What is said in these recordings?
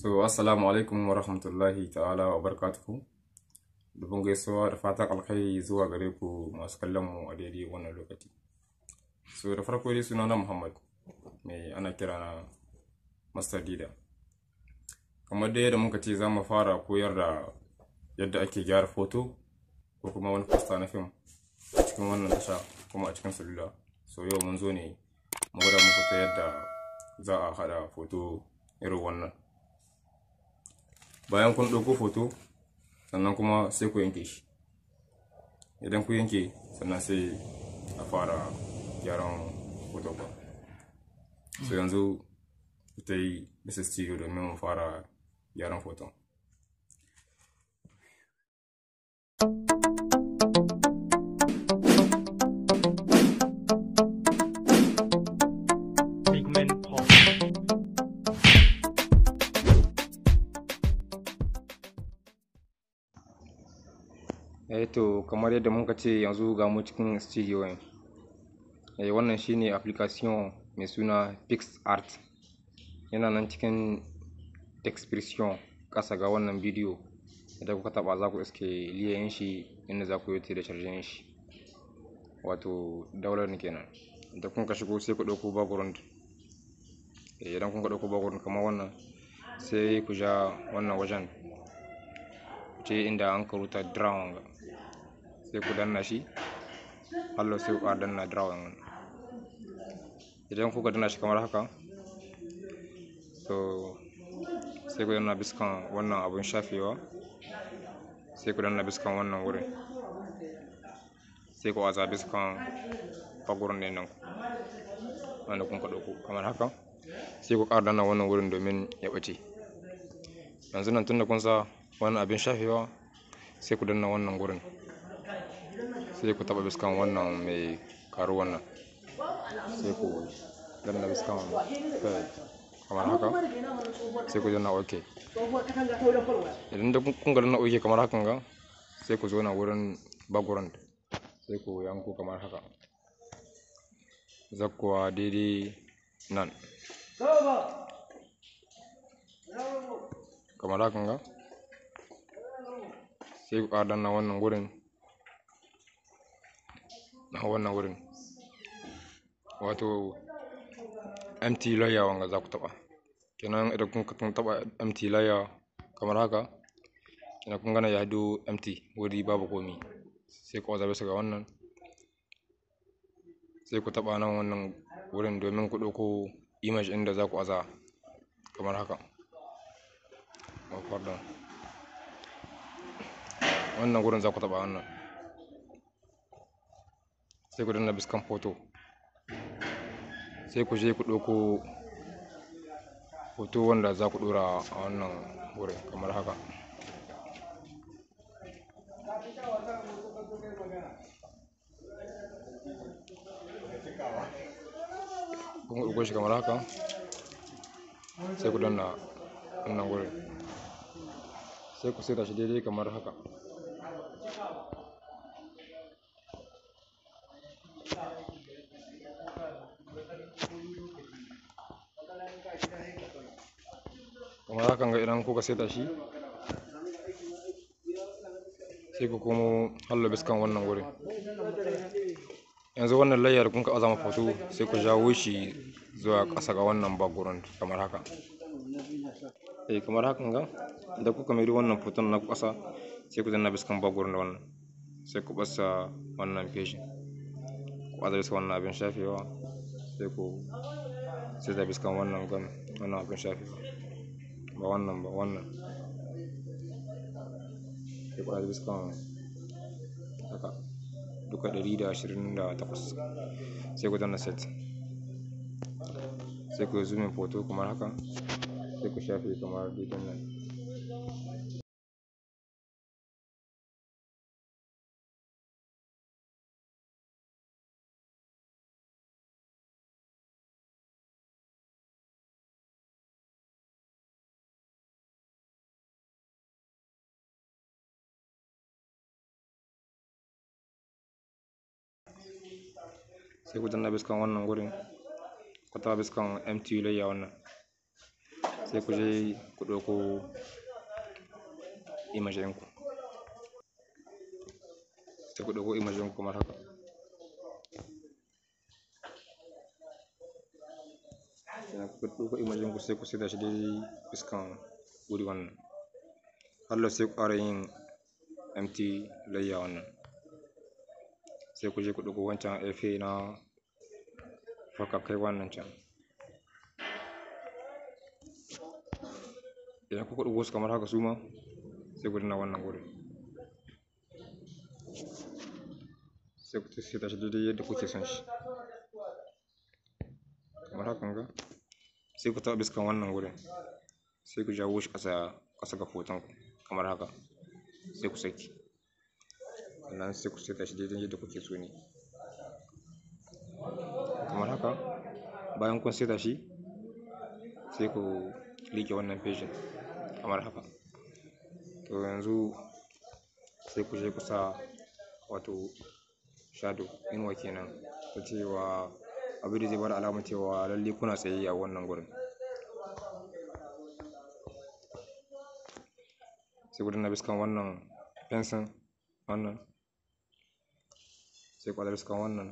so assalamu alaikum wa rahmatullahi ta'ala wa barakatuhu dubin gaisuwa da fatan alkhairi zuwa gare ku masu kallon mu a daidai wannan lokaci so da farko dai suna na muhammad mai ana kira na master dida kamar dai yadda muka ce za mu fara koyar da yadda ake gyara foto ko kuma wani fasta na fim a cikin wannan tasha kuma a cikin salula so yau mun zo ne mu gwada muku ta yadda za a hada foto irin wannan bayan kun ɗauko foto sannan kuma sai ku yanke shi idan ku yanke sannan sai a fara gyaran hoton ba so yanzu ta yi bisa studio domin mu fara gyaran hoton Eh to kamar yadda muka ce yanzu ga mu cikin studio ɗin Eh wannan shine application mai suna PixArt. Yana nan cikin description ƙasa ga wannan bidiyo. Idan kuka taɓa za ku iske liyayin shi inda za ku yi da charging shi. Wato ne kenan. Idan kun ka shigo sai ku ɗauko background. Eh idan kun ka ɗauko background kamar wannan sai ku ja wannan wajen. Ku je inda an ka rubuta drawn. sai ku danna shi hallo sai ku danna drawing idan kuka danna shi kamar haka so sai ku danna biskan wannan abun shafewa sai ku danna biskan wannan wurin sai ku aza biskan fagurin ne nan wanda kun kaɗo ku kamar haka sai ku ƙara danna wannan wurin domin ya ɓace yanzu nan tunda kun sa wannan abin shafewa sai ku danna wannan gurin sai ku taɓa biskan wannan mai karu wannan sai ku danna biskan kamar haka sai ku danna ok idan da kun ga danna ok kamar haka ga sai ku zo na wurin background sai ku yanko kamar haka zakkuwa daidai nan kamar haka ga sai ku danna wannan gurin na wannan wurin wato mt layer wanga za ku taba kenan idan kun kun taba mt layer kamar haka kenan kun gana ya hado mt wuri babu komi sai ku zabe su ga wannan sai ku taba nan wannan wurin domin ku dauko image inda za ku aza kamar haka wannan wurin za ku taba wannan sai ku danna biskan foto sai ku je ku ɗauko foto wanda za ku ɗora a wannan wurin kamar haka kun ɗauko shi kamar haka sai ku danna wannan wurin sai ku saita shi daidai kamar haka kuma za ga idan kuka saita shi sai ku komo hallo biskan wannan wurin yanzu wannan layar kun ka azama foto sai ku jawo shi zuwa ƙasa ga wannan background kamar haka eh kamar hakan ga da kuka mai wannan foton na ƙasa sai ku danna biskan background wannan sai ku basa wannan page ku azaba bisa wannan abin shafewa sai ku sai da biskan wannan gan wannan abin shafewa ba wannan ba wannan sai kuɗa discount haka duka ɗari da ashirin da takwas sai ku zanna set sai ku zo zoomin foto kamar haka sai ku shafe kamar dukkan nan sai ku danna biskan wannan gurin ku taɓa biskan mtu layer wannan sai ku je ku ɗauko image ɗinku sai ku ɗauko image ɗinku kamar haka sai ku ɗauko image ɗinku sai ku saita shi daidai biskan guri wannan Allah sai ku ƙara yin empty layer wannan sai ku je ku ɗauko wancan efe na farka kai wannan can idan kuka ɗauko su kamar haka su ma sai ku dina wannan wurin, sai ku sai tashi daidai yadda kuke son shi kamar haka ga sai ku taɓa biskan wannan wurin, sai ku jawo shi ƙasa ƙasa ga hoton kamar haka sai ku saki wannan sai ku saita shi daidai yadda kuke so ne. Kamar haka bayan kun saita shi sai ku liƙe wannan feshin. kamar haka. To yanzu sai ku je ku sa wato shadow inuwa kenan ta cewa abin da zai bada alamar cewa lalle kuna tsaye a wannan gurin. Sai ku danna biskan wannan fensin wannan. sai ku adalci wannan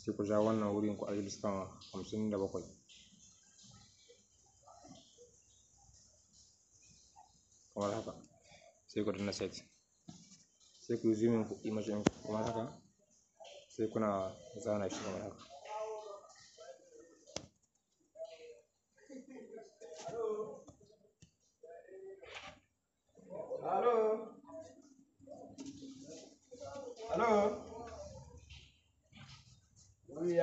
sai ku ja wannan wurin ku ajiye kan hamsin da bakwai kamar haka sai ku danna set sai ku yi zoomin ku image ɗin kamar haka sai kuna zana shi kamar haka Hello. Hello. gani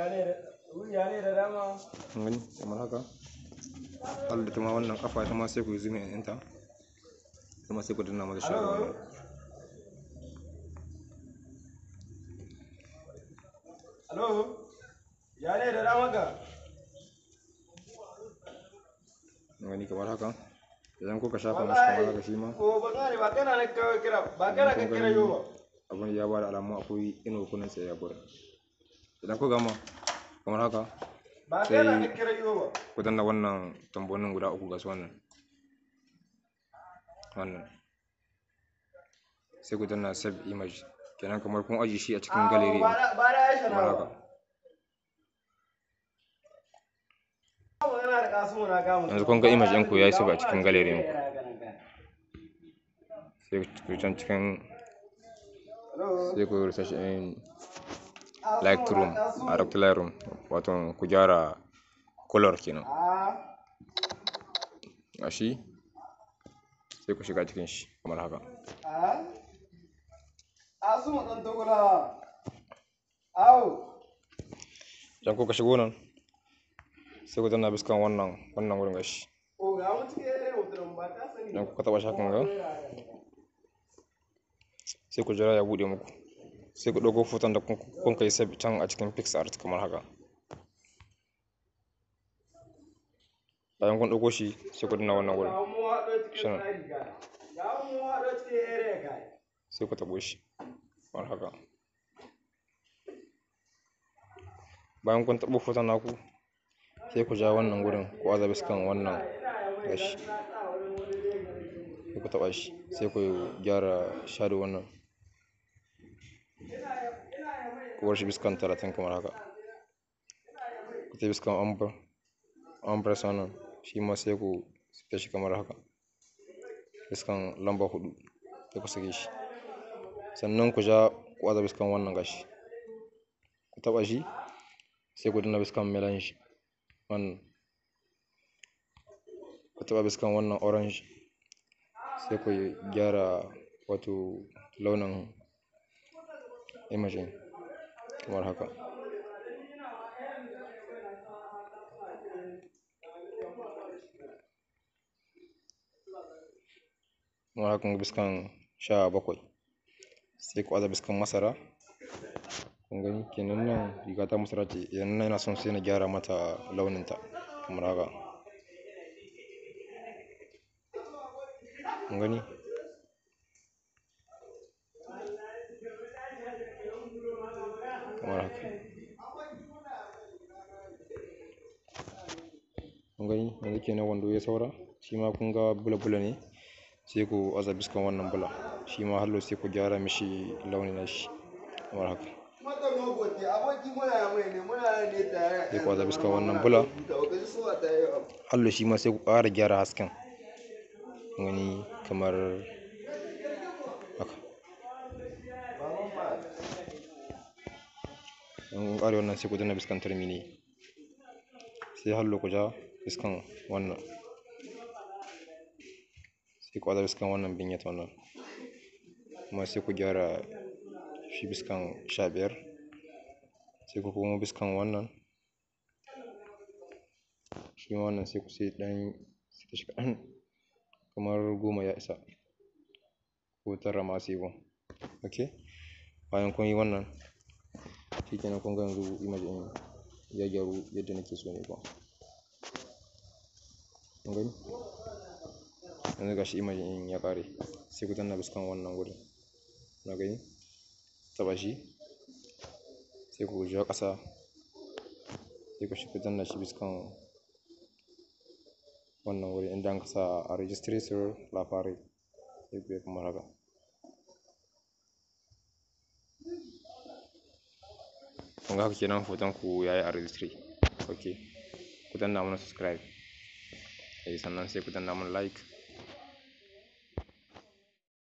kamar haka Allah ta ma wannan kafa ta ma sai ku yi a yanta kuma sai ku danna mata shago ya da dama ga gani kamar haka idan kuka shafa masu kamar haka shi ma ba kana na kira ba kana ka kira yau ba abin ya ba da alamu akwai ino kunan tsaye ya gurin idan kuka gama kamar haka sai ku danna wannan tambonin guda uku ga wannan wannan sai ku danna save image kenan kamar kun aji shi a cikin gallery shara haka yanzu kun ga image ɗinku ya yi save a cikin gallery ku sai ku can cikin sai ku rusa shi Lightroom a clear room wato ku gyara color kenan. Gashi sai ku shiga cikin shi kamar haka. Idan kuka shigo nan sai ku danna biskan wannan wannan wurin gashi. Idan kuka taɓa shi hakan ga sai ku jira ya buɗe muku. sai ku ɗauko foton da kun kai sabi can a cikin pixart kamar haka bayan kun ɗauko shi sai ku dina wannan wurin shan sai ku taɓo shi kamar haka bayan kun taɓo foton naku sai ku ja wannan wurin a azabi sukan wannan gashi sai ku taɓa shi sai ku gyara shadow wannan uwar biskan talatin kamar haka ku ta biskan ambar ambar sanan shi ma sai ku sita shi kamar haka biskan lamba hudu sai ku sake shi sannan ku ja ku aza biskan wannan gashi ku taba shi sai ku danna biskan melan shi wannan ku taba biskan wannan orange sai ku gyara wato launin imajin. kamar haka. Kamar haka kuma biskan sha bakwai. Sai ku aza biskan masara. Kun gani kenan nan riga ta masara ce, idan nan yana son sai na gyara mata launin ta kamar haka. Kun gani? kenan wando ya saura shi ma kun ga bula bula ne sai ku aza biskan wannan bula shi ma hallo sai ku gyara mishi launin nashi kamar haka sai ku aza biskan wannan bula hallo shi ma sai ku ƙara gyara hasken wani kamar haka in ƙare wannan sai ku danna biskantar mini sai hallo ku ja iskan wannan sai ku aza wannan vignette wannan kuma sai ku gyara shi biskan sha biyar sai ku komo biskan wannan shi wannan sai ku sai dan sai ta shiga kamar goma ya isa ko tara ma sai ku ok bayan kun yi wannan shi kenan kun ga yanzu image ɗin ya gyaru yadda nake so ne ba gani yanzu gashi image ya kare sai ku danna biskan wannan gurin na gani taɓa shi sai ku ja ƙasa sai ku shiga danna shi biskan wannan wurin inda an kasa a registration labarai sai ku yi kamar haka kun ga haka kenan hoton ku yayi a registry okay ku danna mana subscribe Jadi senang saya kutan nama like